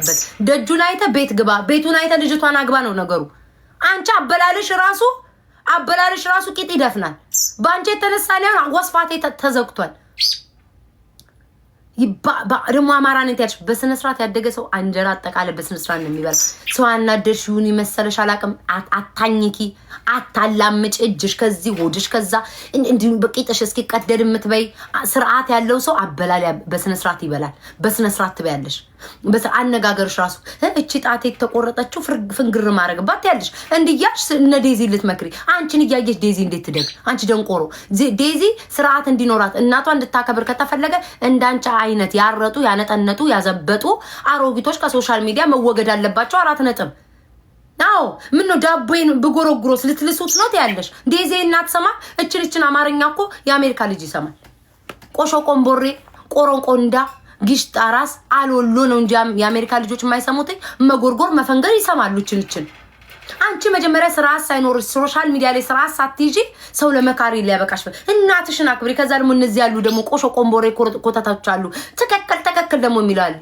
የምትሄድበት ደጁን አይተ ቤት ግባ፣ ቤቱን አይተ ልጅቷን አግባ ነው ነገሩ። አንቺ አበላልሽ ራሱ አበላልሽ ራሱ ቂጥ ይደፍናል። በአንቺ የተነሳ ሊሆን ወስፋቴ ተዘግቷል። ደግሞ አማራ ነት በስነ ስርዓት ያደገ ሰው አንጀራ አጠቃላይ ስርዓት ነው የሚበላ። ሰው አናደድሽውን የመሰለሽ አላቅም። አታኝኪ፣ አታላምጭ። እጅሽ ከዚህ ሆድሽ ከዛ እንዲሁ በቂጥሽ እስኪቀደድ የምትበይ ስርዓት ያለው ሰው አበላል በስነ ስርዓት ይበላል። በስነ ስርዓት ትበያለሽ። አነጋገርሽ ራሱ እቺ ጣቴ የተቆረጠችው ፍንግር ማድረግባት ያለሽ እንድያሽ እነ ዴዚ ልትመክሪ አንቺን እያየች ዴዚ እንዴት ትደግ? አንቺ ደንቆሮ ዴዚ ስርዓት እንዲኖራት እናቷ እንድታከብር ከተፈለገ እንዳንቺ አይነት ያረጡ፣ ያነጠነጡ፣ ያዘበጡ አሮጊቶች ከሶሻል ሚዲያ መወገድ አለባቸው። አራት ነጥብ። አዎ ምን ነው ዳቦዬን ብጎረጉሮስ ልትልሱት ነው ያለሽ ዴዚ እናትሰማ እችን እችን አማርኛ እኮ የአሜሪካ ልጅ ይሰማል። ቆሾ ቆንቦሬ ቆሮንቆንዳ ጊሽጣ ራስ አልወሎ ነው እንጂ የአሜሪካ ልጆች የማይሰሙት መጎርጎር መፈንገር ይሰማሉ። ችንችን አንቺ መጀመሪያ ስርዓት ሳይኖር ሶሻል ሚዲያ ላይ ስርዓት ሳትይጂ ሰው ለመካሪ ሊያበቃሽ እናትሽን አክብሪ። ከዛ ደግሞ እነዚህ ያሉ ደግሞ ቆሾ ቆንቦሬ ኮተታች አሉ። ትክክል ትክክል ደግሞ የሚላሉ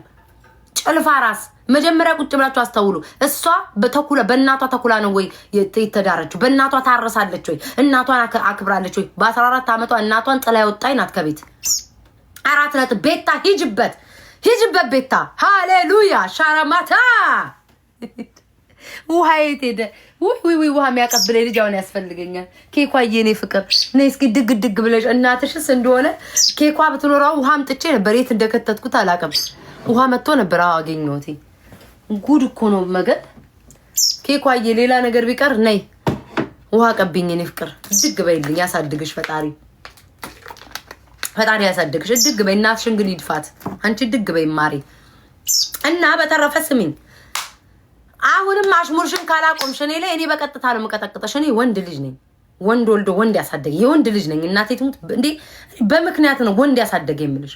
ጭልፋ ራስ መጀመሪያ ቁጭ ብላችሁ አስተውሉ። እሷ በተኩላ በእናቷ ተኩላ ነው ወይ የተዳረችው? በእናቷ ታረሳለች ወይ? እናቷን አክብራለች ወይ? በ14 ዓመቷ እናቷን ጥላ ወጣች ናት ከቤት አራት ነጥብ ቤታ ሂጅበት፣ ሂጅበት ቤታ። ሃሌሉያ ሻራማታ ውሃ የት ሄደ? ውይ ውሃ የሚያቀብለኝ ልጅ አሁን ያስፈልገኛል። ኬኳ የኔ ፍቅር ነይ እስኪ ድግ ድግ ብለሽ እናትሽስ እንደሆነ ኬኳ ብትኖረው ውሃ አምጥቼ ነበር። የት እንደከተትኩት አላውቅም። ውሃ መጥቶ ነበር። አዎ አገኘሁት። ጉድ እኮ ነው መገድ ኬኳዬ፣ ሌላ ነገር ቢቀር ነይ ውሃ ቀብኝ። እኔ ፍቅር ድግ በይልኝ፣ ያሳድግሽ ፈጣሪ። ፈጣሪ ያሳደግሽ። እድግ በይ እናትሽን ግን ይድፋት። አንቺ እድግ በይ ማሪ። እና በተረፈ ስሚኝ፣ አሁንም አሽሙርሽን ካላቆምሽ እኔ ላይ እኔ በቀጥታ ነው የምቀጠቅጠሽ። እኔ ወንድ ልጅ ነኝ። ወንድ ወልዶ ወንድ ያሳደገ የወንድ ልጅ ነኝ። እናቴ ትሙት እንዴ፣ በምክንያት ነው ወንድ ያሳደገ የምልሽ።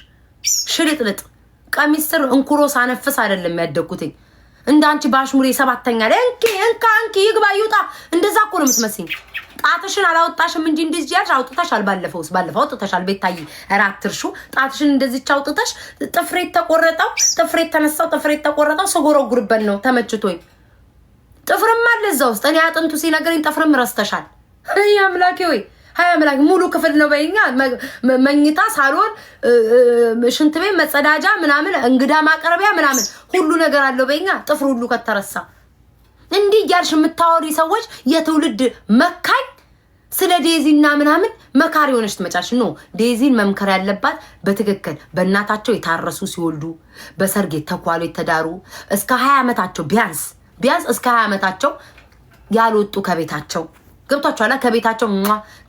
ሽልጥልጥ ቀሚስ ስር እንኩሮ ሳነፍስ አይደለም ያደግኩትኝ። እንደ አንቺ በአሽሙሬ ሰባተኛ ላይ እንኪ እንካ እንኪ ይግባ ይውጣ እንደዛ እኮ ነው የምትመስኝ። ጣትሽን አላወጣሽም እንጂ እንደዚህ ያልሽ አውጥተሻል። ባለፈውስ ባለፈው አውጥተሻል። ቤታዬ ኧረ አትርሹ። ጣትሽን እንደዚች አውጥተሽ ጥፍሬ ተቆረጠው፣ ጥፍሬ ተነሳው፣ ጥፍሬ ተቆረጠው ስጎረጉርበት ነው ተመችቶኝ። ጥፍርም አለ እዛ ውስጥ። እኔ አጥንቱ ሲነገረኝ ጥፍርም ረስተሻል። ይህ አምላኬ ወይ ሀያ አምላኬ ሙሉ ክፍል ነው በኛ መኝታ፣ ሳሎን፣ ሽንት ቤት፣ መጸዳጃ ምናምን እንግዳ ማቅረቢያ ምናምን ሁሉ ነገር አለው በኛ ጥፍር ሁሉ ከተረሳ እንዲህ እያልሽ የምታወሪ ሰዎች የትውልድ መካኝ ስለ ዴዚና ምናምን መካሪ የሆነች ትመጫለሽ። ነው። ዴዚን መምከር ያለባት በትክክል በእናታቸው የታረሱ ሲወልዱ፣ በሰርግ የተኳሉ የተዳሩ እስከ ሀያ ዓመታቸው ቢያንስ ቢያንስ እስከ ሀያ ዓመታቸው ያልወጡ ከቤታቸው ገብቷችኋላ። ከቤታቸው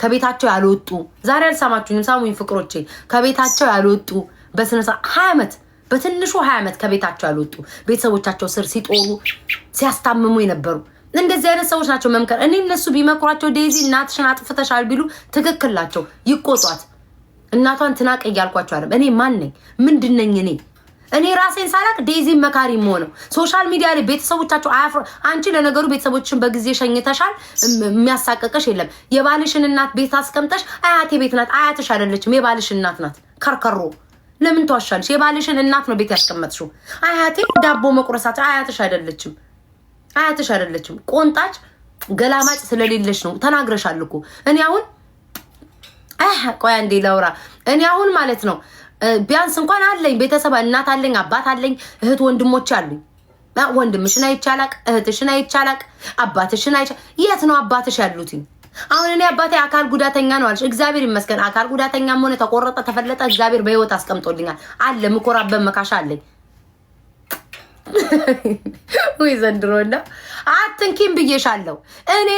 ከቤታቸው ያልወጡ ዛሬ አልሰማችሁኝም? ሳሙኝ ፍቅሮቼ ከቤታቸው ያልወጡ በስነሳ ሀያ ዓመት በትንሹ ሀያ ዓመት ከቤታቸው ያልወጡ ቤተሰቦቻቸው ስር ሲጦሩ ሲያስታምሙ የነበሩ እንደዚህ አይነት ሰዎች ናቸው መምከር። እኔ እነሱ ቢመክሯቸው ዴዚ እናትሽን አጥፍተሻል ቢሉ ትክክል ናቸው። ይቆጧት፣ እናቷን ትናቀ እያልኳቸው አለም። እኔ ማን ነኝ? ምንድን ነኝ? እኔ እኔ ራሴን ሳላቅ ዴዚን መካሪ መሆነው ሶሻል ሚዲያ ላይ ቤተሰቦቻቸው አያፍ አንቺ ለነገሩ ቤተሰቦችን በጊዜ ሸኝተሻል፣ የሚያሳቀቀሽ የለም። የባልሽን እናት ቤት አስቀምጠሽ አያቴ ቤት ናት፣ አያትሽ አይደለችም፣ የባልሽ እናት ናት። ከርከሮ ለምን ተዋሻለሽ? የባልሽን እናት ነው ቤት ያስቀመጥሽው። አያቴ ዳቦ መቁረሳት አያትሽ አይደለችም፣ አያትሽ አይደለችም። ቆንጣጭ ገላማጭ ስለሌለሽ ነው። ተናግረሻል እኮ እኔ አሁን አህ ቆያ እንዴ ላውራ። እኔ አሁን ማለት ነው ቢያንስ እንኳን አለኝ ቤተሰብ፣ እናት አለኝ፣ አባት አለኝ፣ እህት ወንድሞች አሉኝ። ወንድምሽን አይቻላቅ፣ እህትሽን አይቻላቅ፣ አባትሽን አይቻ የት ነው አባትሽ ያሉትኝ? አሁን እኔ አባቴ አካል ጉዳተኛ ነው አልሽ። እግዚአብሔር ይመስገን አካል ጉዳተኛም ሆነ ተቆረጠ ተፈለጠ እግዚአብሔር በህይወት አስቀምጦልኛል። አለ ምኮራበት መካሻ አለኝ። ወይ ዘንድሮና አትንኪም ብዬሻለሁ። እኔ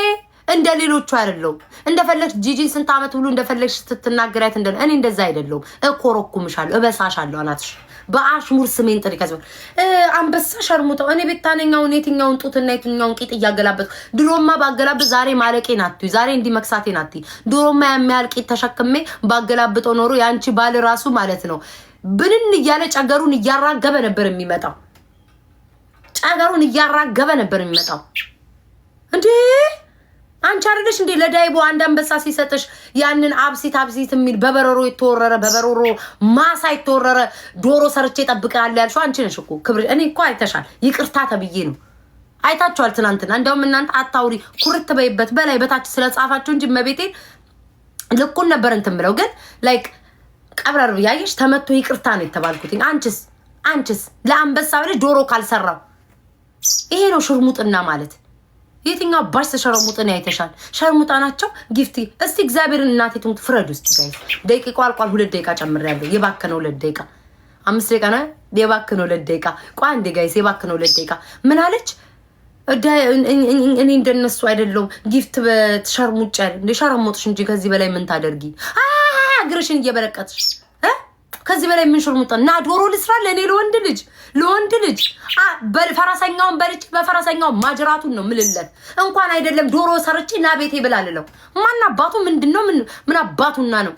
እንደ ሌሎቹ አይደለሁም። እንደፈለግሽ ጂጂን ስንት ዓመት ብሎ እንደፈለግሽ ስትናገሪያት እኔ እንደዛ አይደለሁም። እኮረኩምሻለሁ፣ እበሳሻለሁ አናትሽ በአሽሙር ስሜን ጥሪ ከዚህ አንበሳ ሸርሙጠው እኔ ቤታነኛውን የትኛውን ጡትና የትኛውን ቂጥ እያገላበት ድሮማ ባገላብጥ ዛሬ ማለቄ ናት። ዛሬ እንዲህ መክሳቴን ናት። ድሮማ የሚያል ቂጥ ተሸክሜ ባገላብጠው ኖሮ የአንቺ ባል ራሱ ማለት ነው ብንን እያለ ጨገሩን እያራገበ ነበር የሚመጣው። ጨገሩን እያራገበ ነበር የሚመጣው እንዴ አንቺ አይደለሽ እንዴ ለዳይቦ አንድ አንበሳ ሲሰጥሽ ያንን አብሲት አብሲት የሚል በበረሮ የተወረረ በበረሮ ማሳ የተወረረ ዶሮ ሰርቼ እጠብቅሃለሁ ያልሽው አንቺ ነሽ እኮ ክብር። እኔ እኮ አይተሻል፣ ይቅርታ ተብዬ ነው አይታችኋል። ትናንትና እንደውም እናንተ አታውሪ ኩርት በይበት በላይ በታች ስለጻፋችሁ እንጂ መቤቴ ልኩን ነበር እንትን ብለው ግን ላይክ ቀብረር ብያየሽ ተመቶ ይቅርታ ነው የተባልኩትኝ። አንቺስ አንቺስ ለአንበሳ ብለሽ ዶሮ ካልሰራው ይሄ ነው ሽርሙጥና ማለት የትኛው አባሽ ተሸረሙጥን አይተሻል? ሸርሙጣ ናቸው ጊፍቲ። እስቲ እግዚአብሔርን እናቴ ትሙት ፍረድ ውስጥ ጋይ ደቂቃ አልቋል። ሁለት ደቂቃ ጨምሬያለሁ። የባከነ ሁለት ደቂቃ አምስት ደቂቃ ነው የባከነ ሁለት ደቂቃ። ቆይ አንዴ ጋይስ፣ የባከነ ሁለት ደቂቃ ምን አለች? እኔ እንደነሱ አይደለሁም። ጊፍት በተሸርሙጫ እንደ ሸረሞጥሽ እንጂ ከዚህ በላይ ምን ታደርጊ? እግርሽን እየበለቀትሽ ከዚህ በላይ ምን ሽርሙጣ እና ዶሮ ልስራ ለእኔ ለወንድ ልጅ ለወንድ ልጅ ፈረሰኛውን በልጭ በፈረሰኛው ማጅራቱን ነው ምልለት እንኳን አይደለም ዶሮ ሰርቼ ና ቤቴ ብላልለው ማን አባቱ ምንድን ነው ምን አባቱና ነው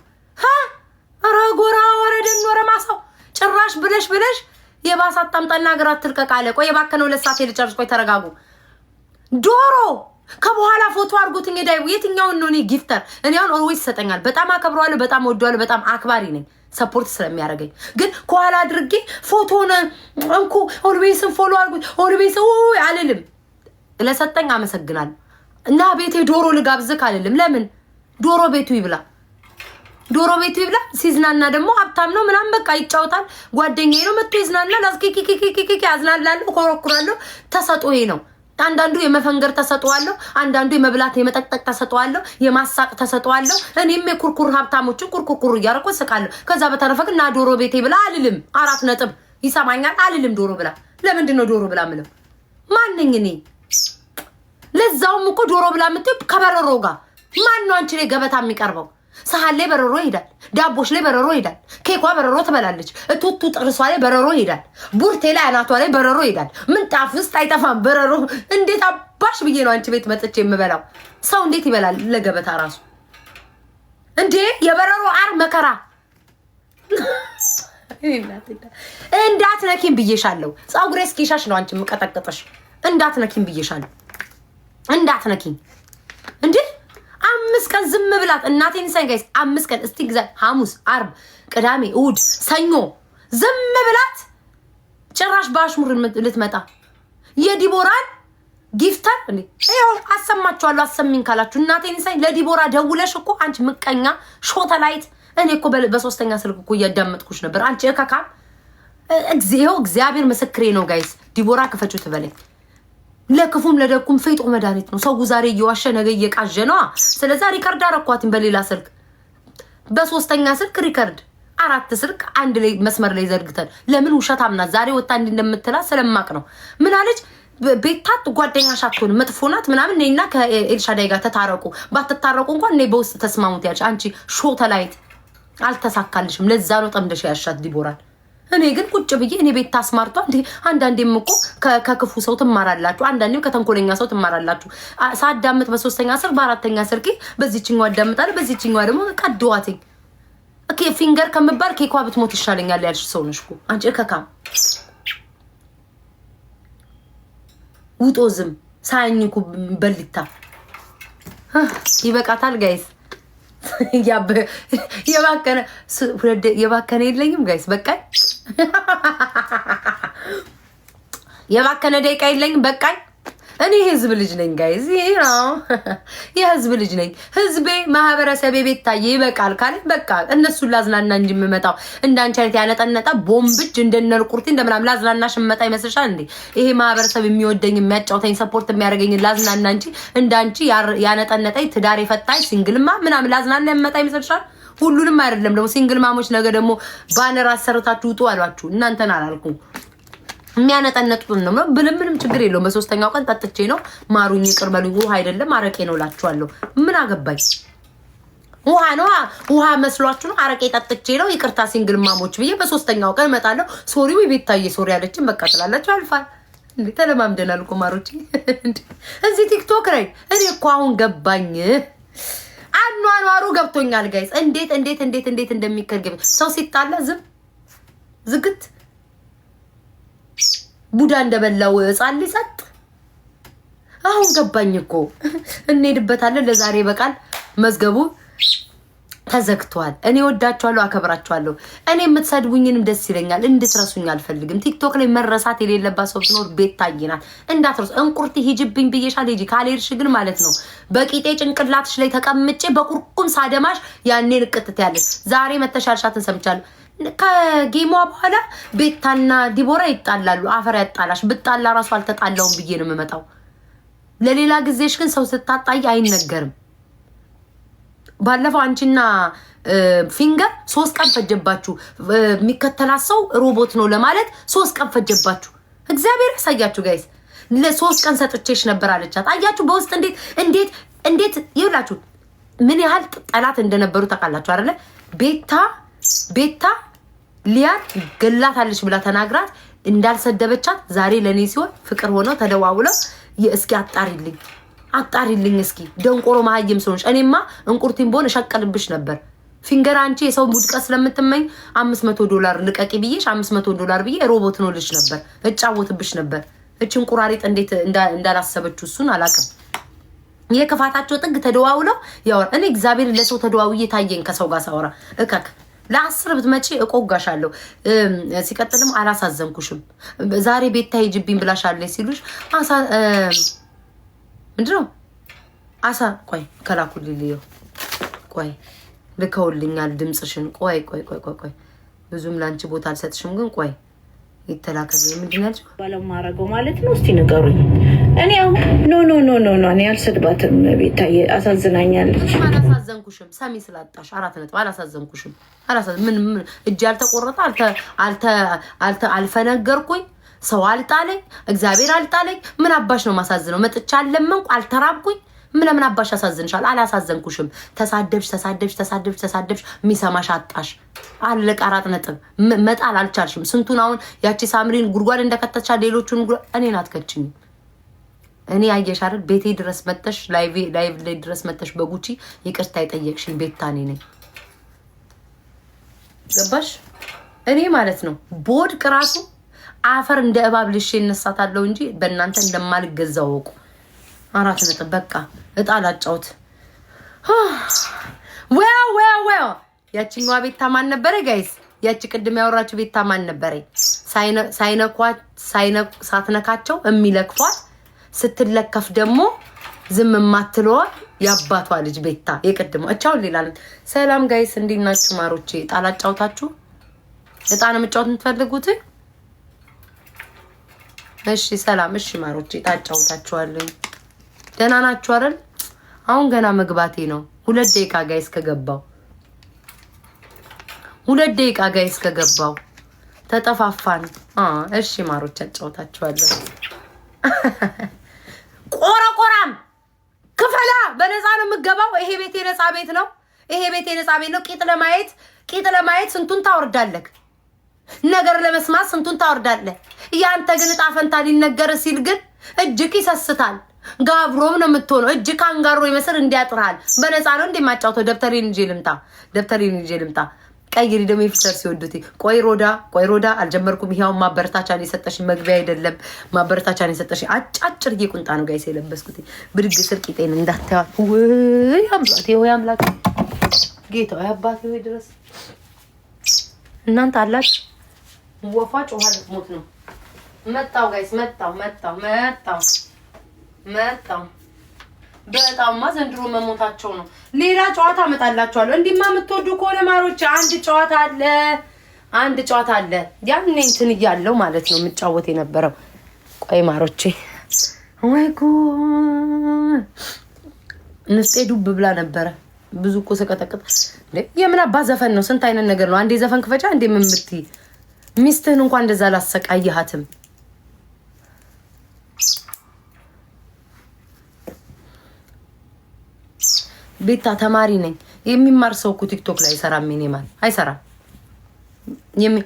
ረጎራ ጎራ ወረደን ወረ ማሳው ጭራሽ ብለሽ ብለሽ የባሰ አታምጣና ሀገር አትልቀቅ አለ ቆይ የባከነ ሁለት ሰዓት ልጨርስ ቆይ ተረጋጉ ዶሮ ከበኋላ ፎቶ አድርጉት። እንግዲህ የትኛውን ነው እኔ ጊፍተር እኔ አሁን ኦልዌይስ ይሰጠኛል። በጣም አከብረዋለሁ፣ በጣም ወደዋለሁ፣ በጣም አክባሪ ነኝ። ሰፖርት ስለሚያደርገኝ ግን ከኋላ አድርጌ ፎቶን እንኩ ኦልቤስን ፎሎ አድርጉት ኦልቤስ አልልም። ለሰጠኝ አመሰግናል እና ቤቴ ዶሮ ልጋብዝክ አልልም። ለምን ዶሮ ቤቱ ይብላ፣ ዶሮ ቤቱ ይብላ። ሲዝናና ደግሞ ሀብታም ነው ምናምን በቃ ይጫወታል። ጓደኛዬ ነው መጥቶ ይዝናናል። አዝኪኪኪኪኪ አዝናላለሁ፣ ኮረኩራለሁ። ተሰጦዬ ነው። አንዳንዱ የመፈንገር ተሰጠዋለሁ፣ አንዳንዱ የመብላት የመጠቅጠቅ ተሰጠዋለሁ፣ የማሳቅ ተሰጠዋለሁ። እኔም የኩርኩር ሀብታሞችን ኩርኩርኩር እያደረኩ እስቃለሁ። ከዛ በተረፈ ግን ና ዶሮ ቤቴ ብላ አልልም። አራት ነጥብ ይሰማኛል። አልልም ዶሮ ብላ። ለምንድን ነው ዶሮ ብላ ምለው? ማንኝ እኔ? ለዛውም እኮ ዶሮ ብላ የምትይው ከበረሮ ጋር ማን ነው አንቺ ላይ ገበታ የሚቀርበው? ሰሃን ላይ በረሮ ይሄዳል። ዳቦች ላይ በረሮ ይሄዳል። ኬኳ በረሮ ትበላለች። እቱቱ ጥርሷ ላይ በረሮ ይሄዳል። ቡርቴ ላይ አናቷ ላይ በረሮ ይሄዳል። ምንጣፍ ውስጥ አይጠፋም በረሮ። እንዴት አባሽ ብዬ ነው አንቺ ቤት መጥቼ የምበላው? ሰው እንዴት ይበላል? ለገበታ ራሱ እንዴ! የበረሮ አር መከራ እንዳት ነኪን ብዬሻለሁ። ፀጉሬ እስኪሻሽ ነው አንቺ የምቀጠቅጥሽ። ነኪን ብዬሻለሁ። ነኪን እንዴ አምስት ቀን ዝም ብላት እናቴን ሳይ ጋይስ አምስት ቀን እስቲ ግዛ ሐሙስ፣ አርብ፣ ቅዳሜ፣ እሑድ፣ ሰኞ ዝም ብላት። ጭራሽ በአሽሙር ልትመጣ የዲቦራን ጊፍተር እንዴ ይኸው አሰማችኋለሁ። አሰሚኝ ካላችሁ እናቴን ሳይ ለዲቦራ ደውለሽ እኮ አንቺ ምቀኛ ሾተላይት። እኔ እኮ በሶስተኛ ስልክ እኮ እያዳመጥኩሽ ነበር አንቺ እከካም። እግዚኦ እግዚአብሔር ምስክሬ ነው ጋይስ ዲቦራ ክፈችው ትበለኝ ለክፉም ለደጉም ፈይጦ መድኃኒት ነው። ሰው ዛሬ እየዋሸ ነገ እየቃዠ ነዋ። ስለዛ ሪከርድ አረኳትን በሌላ ስልክ በሶስተኛ ስልክ ሪከርድ አራት ስልክ አንድ ላይ መስመር ላይ ዘርግተን ለምን ውሸት አምናት ዛሬ ወጣ እንዲ እንደምትላት ስለማቅ ነው። ምን አለች ቤታት ጓደኛሽ አትሆንም መጥፎ ናት ምናምን እኔና ከኤልሻዳይ ጋር ተታረቁ፣ ባትታረቁ እንኳን እኔ በውስጥ ተስማሙት ያለች አንቺ ሾተላይት አልተሳካልሽም። ለዛ ነው ጠምደሽ ያሻት ዲቦራል እኔ ግን ቁጭ ብዬ እኔ ቤት ታስማርቷ እንዴ! አንዳንዴም እኮ ከክፉ ሰው ትማራላችሁ፣ አንዳንዴም ከተንኮለኛ ሰው ትማራላችሁ። ሳዳምጥ በሶስተኛ ስር በአራተኛ ስር በዚችኛ አዳምጣለሁ፣ በዚችኛ ደግሞ ቀድዋትኝ ፊንገር ከምባል ኬኳ ብትሞት ይሻለኛል ያልሽ ሰው ነሽ እኮ አንቺ። እከካም ውጦ ዝም ሳያኝኩ በሊታ ይበቃታል ጋይዝ። የባከነ የለኝም ጋይስ፣ በቃኝ። የባከነ ደቂቃ የለኝም፣ በቃኝ። እኔ ህዝብ ልጅ ነኝ ጋይዝ፣ ነው የህዝብ ልጅ ነኝ። ህዝቤ ማህበረሰቤ ቤት ታየ ይበቃል ካለ በቃ እነሱን ላዝናና እንጂ የምመጣው እንዳንቺ አይነት ያነጠነጠ ቦምብጅ እንደነር ቁርቲ እንደምናም ላዝናና ሽመጣ ይመስልሻል እንዴ? ይሄ ማህበረሰብ የሚወደኝ የሚያጫውተኝ ሰፖርት የሚያደርገኝ ላዝናና እንጂ እንዳንቺ ያነጠነጠኝ ትዳር የፈታኝ ሲንግልማ ምናምን ላዝናና የምመጣ ይመስልሻል? ሁሉንም አይደለም ደግሞ ሲንግል ማሞች ነገ ደግሞ ባነር አሰርታችሁ ውጡ አሏችሁ። እናንተን አላልኩም። የሚያነጠነጡም ነው ብልም ምንም ችግር የለውም። በሶስተኛው ቀን ጠጥቼ ነው ማሩኝ፣ ይቅር በሉኝ። ውሃ አይደለም አረቄ ነው እላችኋለሁ። ምን አገባኝ? ውሃ ነው ውሃ መስሏችሁ ነው። አረቄ ጠጥቼ ነው ይቅርታ፣ ሲንግል ማሞች ብዬ በሶስተኛው ቀን እመጣለሁ። ሶሪው ቤታዬ ሶሪ አለችን በቃ ትላላችሁ። አልፋል። እንዴ ተለማምደናል እኮ ማሮች። እዚህ ቲክቶክ ላይ እኔ እኮ አሁን ገባኝ አኗኗሩ ገብቶኛል ጋይስ። እንዴት እንዴት እንዴት እንዴት እንደሚከገብ ሰው ሲጣላ ዝም ዝግት ቡዳ እንደበላው ህፃን ሊሰጥ አሁን ገባኝ እኮ እንሄድበታለን። ለዛሬ በቃል መዝገቡ ተዘግቷል። እኔ ወዳችኋለሁ፣ አከብራችኋለሁ። እኔ የምትሰድቡኝንም ደስ ይለኛል። እንድትረሱኝ አልፈልግም። ቲክቶክ ላይ መረሳት የሌለባት ሰው ሲኖር ቤት ታይናል። እንዳትረሱ። እንቁርቲ ሂጅብኝ ብዬሻል። ሂጂ ካልሄድሽ ግን ማለት ነው በቂጤ ጭንቅላትሽ ላይ ተቀምጬ በቁርቁም ሳደማሽ ያኔ ንቅትት ያለች ዛሬ መተሻልሻትን ሰምቻለሁ። ከጌሟ በኋላ ቤታና ዲቦራ ይጣላሉ። አፈር ያጣላሽ። ብጣላ ራሱ አልተጣላውም ብዬ ነው የምመጣው። ለሌላ ጊዜሽ ግን ሰው ስታጣይ አይነገርም። ባለፈው አንቺና ፊንገር ሶስት ቀን ፈጀባችሁ። የሚከተላት ሰው ሮቦት ነው ለማለት ሶስት ቀን ፈጀባችሁ። እግዚአብሔር ያሳያችሁ ጋይስ። ለሶስት ቀን ሰጥቼሽ ነበር አለቻት። አያችሁ በውስጥ እንዴት እንዴት እንዴት ይብላችሁ ምን ያህል ጠላት እንደነበሩ ታውቃላችሁ አይደለ? ቤታ ቤታ ሊያ ገላታለች ብላ ተናግራት እንዳልሰደበቻት ዛሬ ለእኔ ሲሆን ፍቅር ሆነው ተደዋውለው እስኪ አጣሪልኝ አጣሪልኝ እስኪ ደንቆሮ መሀይም ስለሆንሽ እኔማ እንቁርቲን በሆን እሸቀልብሽ ነበር ፊንገር አንቺ የሰው ውድቀት ስለምትመኝ አምስት መቶ ዶላር ልቀቂ ብዬሽ አምስት መቶ ዶላር ብዬ ሮቦት ነው ልሽ ነበር እጫወትብሽ ነበር እችን ቁራሪጥ እንዴት እንዳላሰበችው እሱን አላውቅም የክፋታቸው ጥግ ተደዋውለው ያወራ እኔ እግዚአብሔር ለሰው ተደዋውዬ ታየኝ ከሰው ጋር ሳወራ እከክ ለአስር ብትመጪ እቆጋሻለሁ። ሲቀጥልም አላሳዘንኩሽም። ዛሬ ቤት ታይጅብኝ ብላሻለች ሲሉሽ አሳ ምንድነው አሳ ቆይ ከላኩልልየው ቆይ ልከውልኛል ድምፅሽን። ቆይ ቆይ ቆይ ቆይ ቆይ ብዙም ለአንቺ ቦታ አልሰጥሽም፣ ግን ቆይ ይተላከል ምንድን ያልሽ ባለማረገው ማለት ነው። እስቲ ንገሩኝ እኔ ያው ኖ ኖ ኖ ኖ ኖ እኔ አልሰድባትም። ቤታዬ አሳዝናኛለች። አላሳዘንኩሽም። ሰሚ ስላጣሽ አራት ነጥብ አላሳዘንኩሽም። ምን ምን እጅ አልተቆረጠ አልተ አልተ አልተ አልፈነገርኩኝ። ሰው አልጣለኝ፣ እግዚአብሔር አልጣለኝ። ምን አባሽ ነው ማሳዝነው? መጥቻ አለመንኩ፣ አልተራብኩኝ። ምን ለምን አባሽ አሳዝንሻል? አላሳዘንኩሽም። ተሳደብሽ፣ ተሳደብሽ፣ ተሳደብሽ፣ ተሳደብሽ፣ የሚሰማሽ አጣሽ። አለቀ። አራት ነጥብ። መጣል አልቻልሽም። ስንቱን አሁን ያቺ ሳምሪን ጉድጓድ እንደከተቻ ሌሎቹን እኔን አትከችኝም። እኔ አየሽ አይደል ቤቴ ድረስ መጥተሽ ላይቭ ላይ ድረስ መጥተሽ በጉቺ ይቅርታ የጠየቅሽኝ ቤታኔ ነኝ። ገባሽ? እኔ ማለት ነው በወድቅ ራሱ አፈር እንደ እባብ ልሼ እነሳታለሁ እንጂ በእናንተ እንደማልገዛ ወቁ። አራት ነጥብ በቃ እጣ ላጫውት። ወያ ወያ ወያው ያቺኛዋ ቤታ ማን ነበረ ጋይስ? ያቺ ቅድም ያወራችሁ ቤታ ማን ነበረ? ሳትነካቸው የሚለክፏት ስትለከፍ ደግሞ ዝም ማትለዋ የአባቷ ልጅ ቤታ የቅድሞ እቻውን ሌላ ሰላም ጋይስ፣ እንዴት ናችሁ ማሮቼ? ጣላ ጫውታችሁ እጣ ነው የምትፈልጉት? እሺ ሰላም። እሺ ማሮቼ፣ እጣ ደህና ናችሁ አይደል? አሁን ገና መግባቴ ነው። ሁለት ደቂቃ ጋይስ ከገባው ሁለት ደቂቃ ጋይስ ከገባው ተጠፋፋን። እሺ ማሮቼ አጫውታችኋለሁ። ቆረቆራም ክፈላ። በነፃ ነው የምገባው። ይሄ ቤት የነፃ ቤት ነው። ይሄ ቤት የነፃ ቤት ነው። ቂጥ ለማየት ቂጥ ለማየት ስንቱን ታወርዳለህ፣ ነገር ለመስማት ስንቱን ታወርዳለህ። ያንተ ግን እጣ ፈንታ ሊነገር ሲል ግን እጅግ ይሰስታል። ጋብሮም ነው የምትሆነው። እጅ ካንጋሮ ይመስል እንዲያጥርሃል። በነፃ ነው እንዲማጫውተው። ደብተሪን እንጂ ልምጣ፣ ደብተሪን እንጂ ልምጣ። ቀይሪ ደግሞ የፊተር ሲወዱት ቆይ ሮዳ ቆይ ሮዳ አልጀመርኩም። ይሄውን ማበረታቻን የሰጠሽ መግቢያ አይደለም ማበረታቻን የሰጠሽ አጫጭር ቁንጣ ነው ጋይስ የለበስኩት። ብድግ ስር ቂጤን እንዳታያት። ወይ አምላኬ፣ ወይ አምላክ ጌታ አባቴ ወይ ድረስ እናንተ አላች ወፏ ጮኋ ልትሞት ነው። መጣው ጋይስ፣ መጣው፣ መጣው፣ መጣው፣ መጣው በጣም ዘንድሮ መሞታቸው ነው። ሌላ ጨዋታ አመጣላችኋለሁ። እንዲማ የምትወዱ ከሆነ ማሮች አንድ ጨዋታ አለ አንድ ጨዋታ አለ። ያኔ እንትን እያለው ማለት ነው የምጫወት የነበረው። ቆይ ማሮቼ፣ ወይ ጉድ ንፍጤ ዱብ ብላ ነበረ። ብዙ እኮ ስቀጠቅጥ የምን አባ ዘፈን ነው? ስንት አይነት ነገር ነው። አንዴ ዘፈን ክፈጫ እንዴ ምምት ሚስትህን እንኳን እንደዛ ላሰቃይሃትም ቤታ ተማሪ ነኝ። የሚማር ሰው እኮ ቲክቶክ ላይ አይሰራም። ሚኒማል አይሰራም።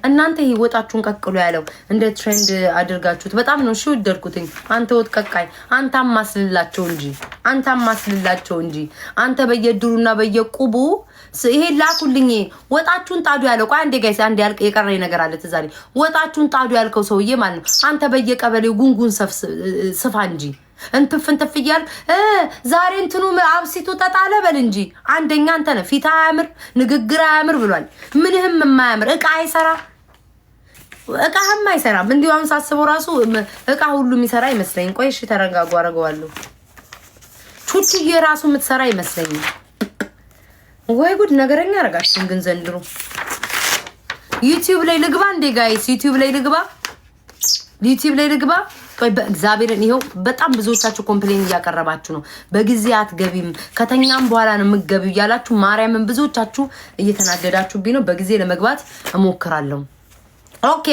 እናንተ ይሄ ወጣችሁን ቀቅሎ ያለው እንደ ትሬንድ አድርጋችሁት በጣም ነው ሺው ይደርኩትኝ። አንተ ወጥ ቀቃይ፣ አንተ አማስልላቸው እንጂ አንተ አማስልላቸው እንጂ አንተ በየድሩና በየቁቡ ይሄ ላኩልኝ። ወጣችሁን ጣዱ ያለው ቆይ አንዴ ጋይስ፣ አንዴ ያልቀ የቀረ ነገር አለ ትዝ ወጣችሁን ጣዱ ያልከው ሰውዬ ማለት ነው። አንተ በየቀበሌው ጉንጉን ስፋ እንጂ እንትፍ እንትፍ እያል ዛሬ እንትኑ አብሲቱ ጠጣለ በል እንጂ አንደኛ አንተ ነህ። ፊት አያምር፣ ንግግር አያምር ብሏል። ምንህም የማያምር እቃ አይሰራ እቃህም አይሰራም። እንዲሁ አሁን ሳስበው ራሱ እቃ ሁሉ የሚሰራ አይመስለኝ። ቆይ እሺ ተረጋጉ፣ አረገዋለሁ። ቹቹዬ ራሱ የምትሰራ አይመስለኝ። ወይ ጉድ! ነገረኛ አረጋችን ግን ዘንድሮ ዩቲዩብ ላይ ልግባ እንዴ ጋይስ? ዩቲዩብ ላይ ልግባ፣ ዩቲዩብ ላይ ልግባ። ቆይ በእግዚአብሔርን ይኸው በጣም ብዙዎቻችሁ ኮምፕሌን እያቀረባችሁ ነው። በጊዜ አትገቢም ከተኛም በኋላ ነው የምትገቢው እያላችሁ ማርያምን ብዙዎቻችሁ እየተናደዳችሁብኝ ነው። በጊዜ ለመግባት እሞክራለሁ። ኦኬ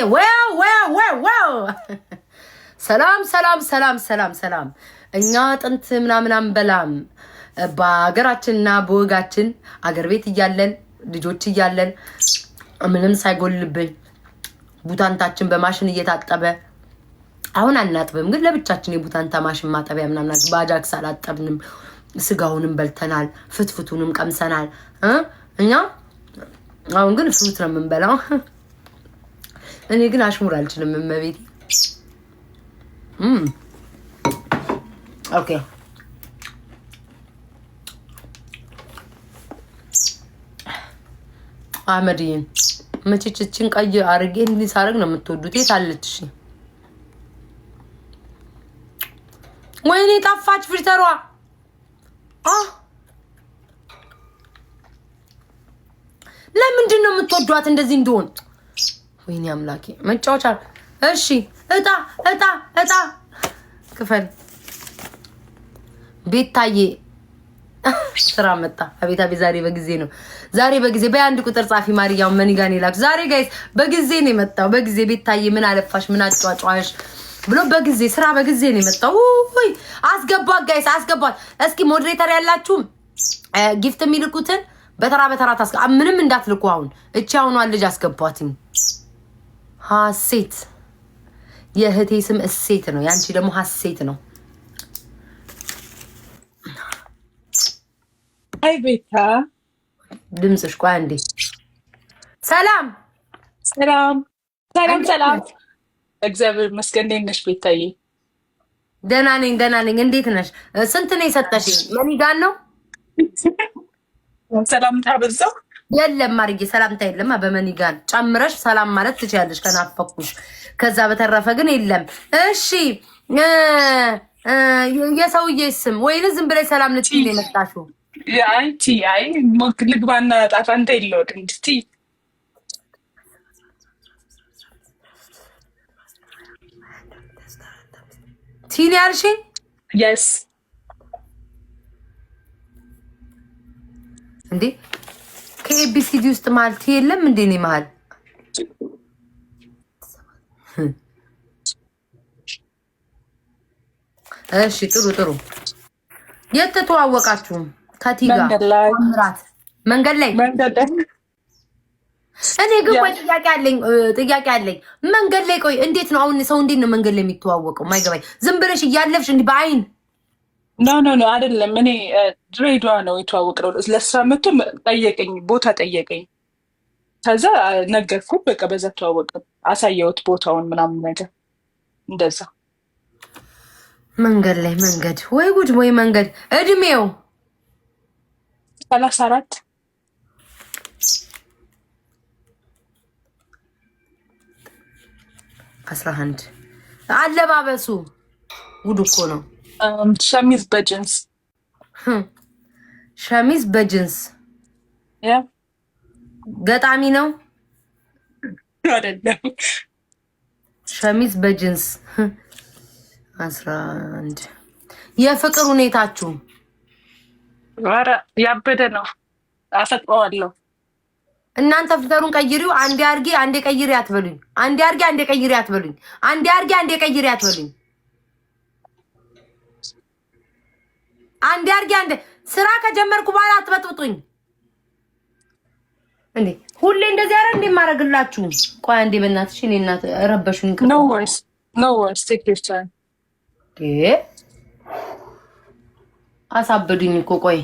ሰላም ሰላም ሰላም ሰላም ሰላም። እኛ ጥንት ምናምናም በላም በሀገራችንና በወጋችን አገር ቤት እያለን ልጆች እያለን ምንም ሳይጎልብን ቡታንታችን በማሽን እየታጠበ አሁን አናጥብም፣ ግን ለብቻችን የቡታን ታማሽን ማጠቢያ ምናምናት በአጃክስ አላጠብንም። ስጋውንም በልተናል፣ ፍትፍቱንም ቀምሰናል። እኛ አሁን ግን ፍሩት ነው የምንበላው። እኔ ግን አሽሙር አልችልም። እመቤቴ ኦኬ አመድዬን ቀይ አርጌ እንዲህ ሳረግ ነው የምትወዱት የት አለች? ወይኔ ጠፋች ፍሪተሯ። ለምንድን ነው የምትወዷት እንደዚህ እንደሆን? ወይኔ አምላኬ መጫወቻ። እሺ እጣ እጣ እጣ ክፈል። ቤታዬ ስራ መጣ። አቤት አቤት! ዛሬ በጊዜ ነው፣ ዛሬ በጊዜ በአንድ ቁጥር ጻፊ ማርያም መኒጋን ይላክ። ዛሬ ጋይስ በጊዜ ነው የመጣው፣ በጊዜ ቤታዬ። ምን አለፋሽ? ምን አጫጫሽ ብሎ በጊዜ ስራ በጊዜ ነው የመጣው። ውይ አስገቧት፣ ጋይስ አስገቧት። እስኪ ሞዴሬተር ያላችሁም ጊፍት የሚልኩትን በተራ በተራ ታስ ምንም እንዳትልኩ። አሁን እቺ አሁኗ ልጅ አስገቧትኝ። ሀሴት የእህቴ ስም እሴት ነው፣ ያንቺ ደግሞ ሀሴት ነው። አይ ቤታ ድምፅሽ ቆይ አንዴ። ሰላም ሰላም ሰላም ሰላም እግዚአብሔር ይመስገን። እንዴት ነሽ ቤታዬ? ደህና ነኝ፣ ደህና ነኝ። እንዴት ነሽ? ስንት ነው የሰጠሽ? መኒጋን ነው ሰላምታ በዛው የለም ማርዬ፣ ሰላምታ የለም። በመኒጋን ጨምረሽ ሰላም ማለት ትችያለሽ ከናፈኩሽ። ከዛ በተረፈ ግን የለም። እሺ የሰውዬ ስም ወይን ዝም ብለሽ ሰላም ልትይ ነው የመጣሽው? አይ ቲ አይ ልግባና ጣፋንተ የለወድም ቲ ቲን ያልሽኝ? የስ እንዴ ከኤቢሲዲ ውስጥ ማልቲ የለም እንዴ? እኔ መሀል እሺ፣ ጥሩ ጥሩ። የት ተዋወቃችሁም? ከቲጋ መንገድ ላይ እኔ ግን ቆይ ጥያቄ አለኝ፣ ጥያቄ አለኝ። መንገድ ላይ ቆይ እንዴት ነው አሁን ሰው እንዴት ነው መንገድ ላይ የሚተዋወቀው? ማይገባኝ ዝም ብለሽ እያለፍሽ እንዲህ በአይን ኖ ኖ ኖ አይደለም። እኔ ድሬዳዋ ነው የተዋወቅነው። ለስራ መቶ ጠየቀኝ፣ ቦታ ጠየቀኝ። ከዛ ነገርኩ በቃ በዛ ተዋወቅን። አሳየሁት ቦታውን ምናምን ነገር እንደዛ። መንገድ ላይ መንገድ ወይ ጉድ ወይ መንገድ። እድሜው ሰላሳ አራት አስራ አንድ አለባበሱ ጉድ እኮ ነው። um, ሸሚዝ በጅንስ hm ሸሚዝ በጅንስ ገጣሚ ነው አይደለም? ሸሚዝ በጅንስ hm አስራ አንድ የፍቅር ሁኔታችሁ ያበደ ነው። አፈቅረዋለሁ እናንተ ፍተሩን ቀይሪው። አንዴ አርጌ አንዴ ቀይሪ አትበሉኝ። አንዴ አርጌ አንዴ ቀይሪ አትበሉኝ። አንዴ አርጌ አንዴ ቀይሪ አትበሉኝ። አንዴ አርጌ አንዴ ስራ ከጀመርኩ በኋላ አትበጥብጡኝ። እንዴ ሁሌ እንደዚህ አረ እንዴ ማረግላችሁ። ቆይ አንዴ በእናትሽ እኔ እናት ረበሹኝ። ኖ ወርስ ኖ ወርስ ቴክ ዩር ታይም። አሳበዱኝ እኮ ቆይ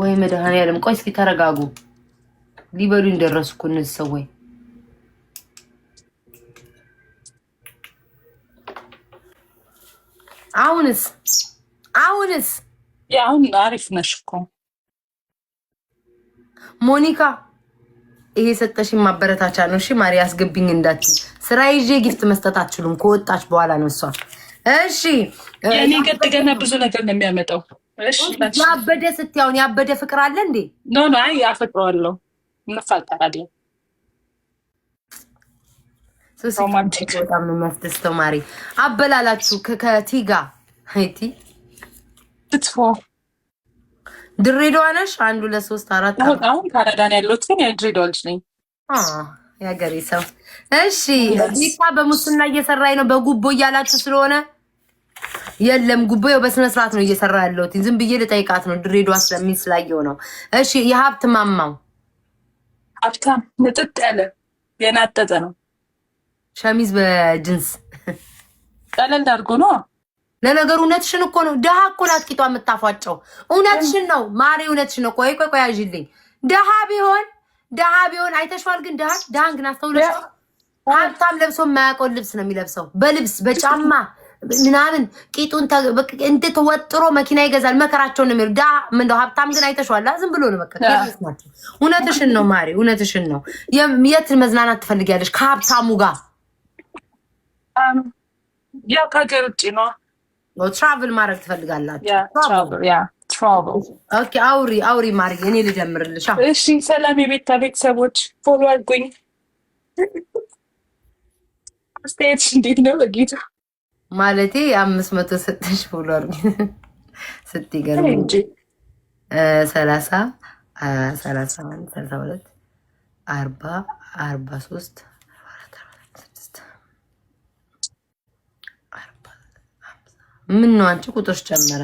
ወይ መድኃኒዓለም፣ ቆይ እስኪ ተረጋጉ። ሊበሉ ደረሱ እኮ እነዚህ ሰዎች። አሁንስ አሁንስ አሁን አሪፍ ነሽ እኮ ሞኒካ። ይሄ የሰጠሽኝ ማበረታቻ ነው። እሺ ማሪ አስገብኝ እንዳትዪ። ስራ ይዤ ጊፍት መስጠት አትችሉም። ከወጣች በኋላ ነው እሷ። እሺ እኔ ገና ብዙ ነገር ነው የሚያመጣው ያበደ ስትያውን ያበደ ፍቅር አለ እንዴ? ኖ ኖ፣ አይ አፈቅረዋለሁ፣ እንፋቀራለን። በጣም ነው የሚያስደስተው። ማሪ አበላላችሁ ከቲጋ ቲ ክትፎ ድሬዳዋ ነሽ? አንዱ ለሶስት አራት አሁን ካናዳን ያለሁት ግን የድሬዳዋ ልጅ ነኝ። የሀገሬ ሰው። እሺ፣ ቤታ በሙስና እየሰራኝ ነው በጉቦ እያላችሁ ስለሆነ የለም ጉባኤው በስነ ስርዓት ነው እየሰራ ያለሁት። ዝም ብዬ ልጠይቃት ነው ድሬዳዋ ስለሚል ስላየው ነው። እሺ የሀብት ማማው ሀብታም ንጥጥ ያለ የናጠጠ ነው። ሸሚዝ በጅንስ ቀለል ዳርጎ ነው። ለነገሩ እውነትሽን እኮ ነው። ድሃ እኮ ናት ቂጧ የምታፏጨው። እውነትሽን ነው ማሪ፣ እውነትሽን ነው። ቆይ ቆይ ቆይ ያዥልኝ። ድሃ ቢሆን ድሃ ቢሆን አይተሽዋል። ግን ድሃ ድሃን ግን አስተውለሽ ሀብታም ለብሶ የማያውቀውን ልብስ ነው የሚለብሰው፣ በልብስ በጫማ ምናምን ቂጡን እንደ ተወጥሮ መኪና ይገዛል። መከራቸውን ነው ዳ ምንደ ሀብታም ግን አይተሸዋላ። ዝም ብሎ ነው በቃ። እውነትሽን ነው ማሪ፣ እውነትሽን ነው። የት መዝናናት ትፈልጊያለሽ? ከሀብታሙ ጋር ያው ከሀገር ውጭ ነው ትራቭል ማድረግ ትፈልጋላችሁ? ኦኬ አውሪ አውሪ ማሪ፣ እኔ ልጀምርልሽ። እሺ ሰላም የቤታ ቤተሰቦች ፎሎ አድርጉኝ። ስቴት እንዴት ነው በጌታ ማለቴ አምስት መቶ ሰጠሽ ብሏል። ስትገርም ሰላሳ ሰላሳ ሰላሳ ሁለት አርባ አርባ ሶስት ምን ነው አንቺ ቁጥርሽ ጨመረ?